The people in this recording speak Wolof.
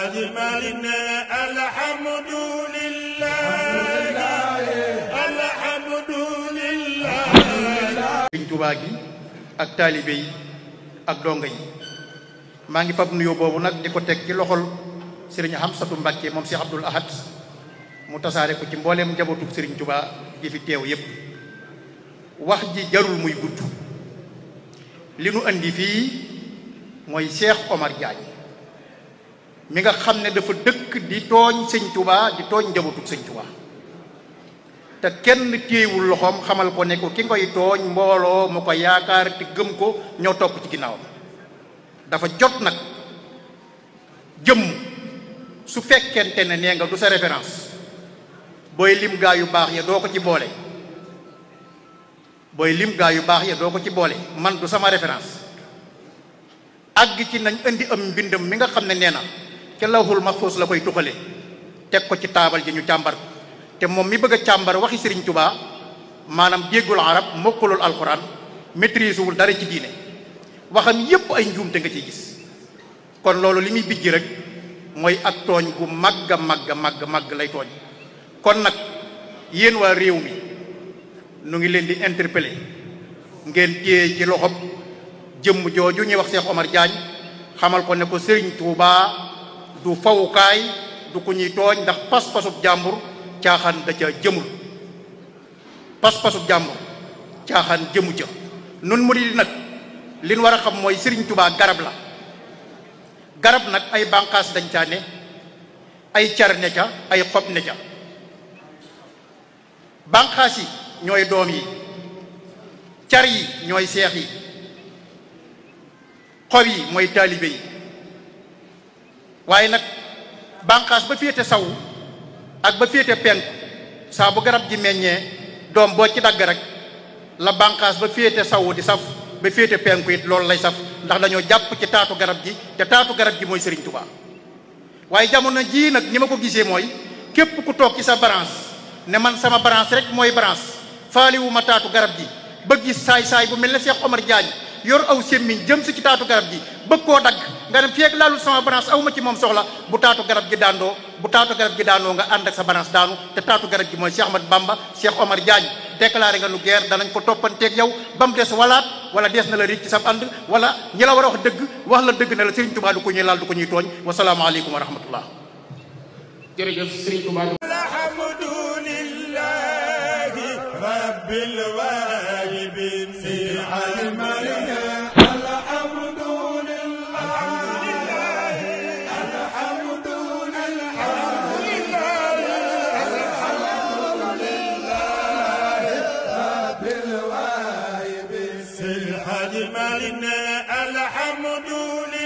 أجمعنا الحمد لله الحمد gi ak taalibe yi ak donga yi maa ngi fab nuyoo boobu nag di ko teg ci loxol Sëriñ Hamsatu Mbàkke moom Cheikh Abdoul Ahad mu tasaare ko ci mbooleem njabootug Sëriñ Tuubaa gi fi teew yépp wax ji jarul muy gudd li nu andi fii mooy Cheikh Omar Diagne mi nga xam ne dafa dëkk di tooñ sëñ tubaa di tooñ njabootug sëñ tubaa te kenn téyewul loxoom xamal ko ne ko ki ngoy tooñ mbooloo mu ko yaakaar te gëm ko ñoo topp ci ginnaawam dafa jot nag jëmm su fekkente ne nee nga du sa référence booy lim gaa yu baax ya doo ko ci boole booy lim gaa yu baax ya doo ko ci boole man du sama référence àgg ci nañ indi am mbindam mi nga xam ne nee na ca lawhul mahfuz la koy tuxale teg ko ci taabal ji ñu càmbar te moom mi bëgg a càmbar waxi Serigne Touba maanaam jéggul arab mokkalul alquran maîtrise wul dara ci diine waxam yépp ay njuumte nga ciy gis kon loolu li muy bijj rek mooy ak tooñ gu màgg a màgg a màgg màgg lay tooñ kon nag yéen waa réew mi nu ngi leen di interpeller ngeen téye ci loxob jëmm jooju ñuy wax Cheikh Omar Diagne xamal ko ne ko Serigne Touba du fawukaay du ku ñuy tooñ ndax pas-pasub jàmbur caaxaan da ca jëmul pas-pasub jàmbur caaxaan jëmu ca nun murid nag li ñu war a xam mooy Sëriñ Tubaa garab la garab nag ay bànqaas dañ caa ne ay car ne ca ay xob ne ca bànqaas yi ñooy doom yi car yi ñooy seex yi xob yi mooy taalibe yi waaye nag bànqaas ba féete saw ak ba féete penk saa bu garab gi meññee doom boo ci dagg rek la banqaas ba féete saw di saf ba féete penku it loolu lay saf ndax dañoo jàpp ci taatu garab gi te taatu garab gi mooy Serigne Touba waaye jamono jii nag ñi ma ko gisee mooy képp ku toog ci sa branche ne man sama branche rek mooy branche faaliwu ma taatu garab gi ba gis saay saay bu mel ne Cheikh Omar Diagne yor aw sémmiñ jëm si ci taatu garab gi bëgg koo dagg nga ne feeg laalul sama branche aw ci moom soxla bu taatu garab gi daandoo bu taatu garab gi daandoo nga ànd ak sa branche daanu te taatu garab gi mooy Cheikh Ahmad Bamba Cheikh Omar Diagne déclaré nga nu guerre danañ ko toppanteeg yow ba mu des walaat wala des na la riic ci sam ànd wala ñi la war a wax dëgg wax la dëgg na la Serigne Touba du ko ñuy laal du ko ñuy tooñ wasalaamaaleykum wa rahmatullah jërëjëf Serigne Touba بالواجب سيح الملك الحاج مالنا الحمد لله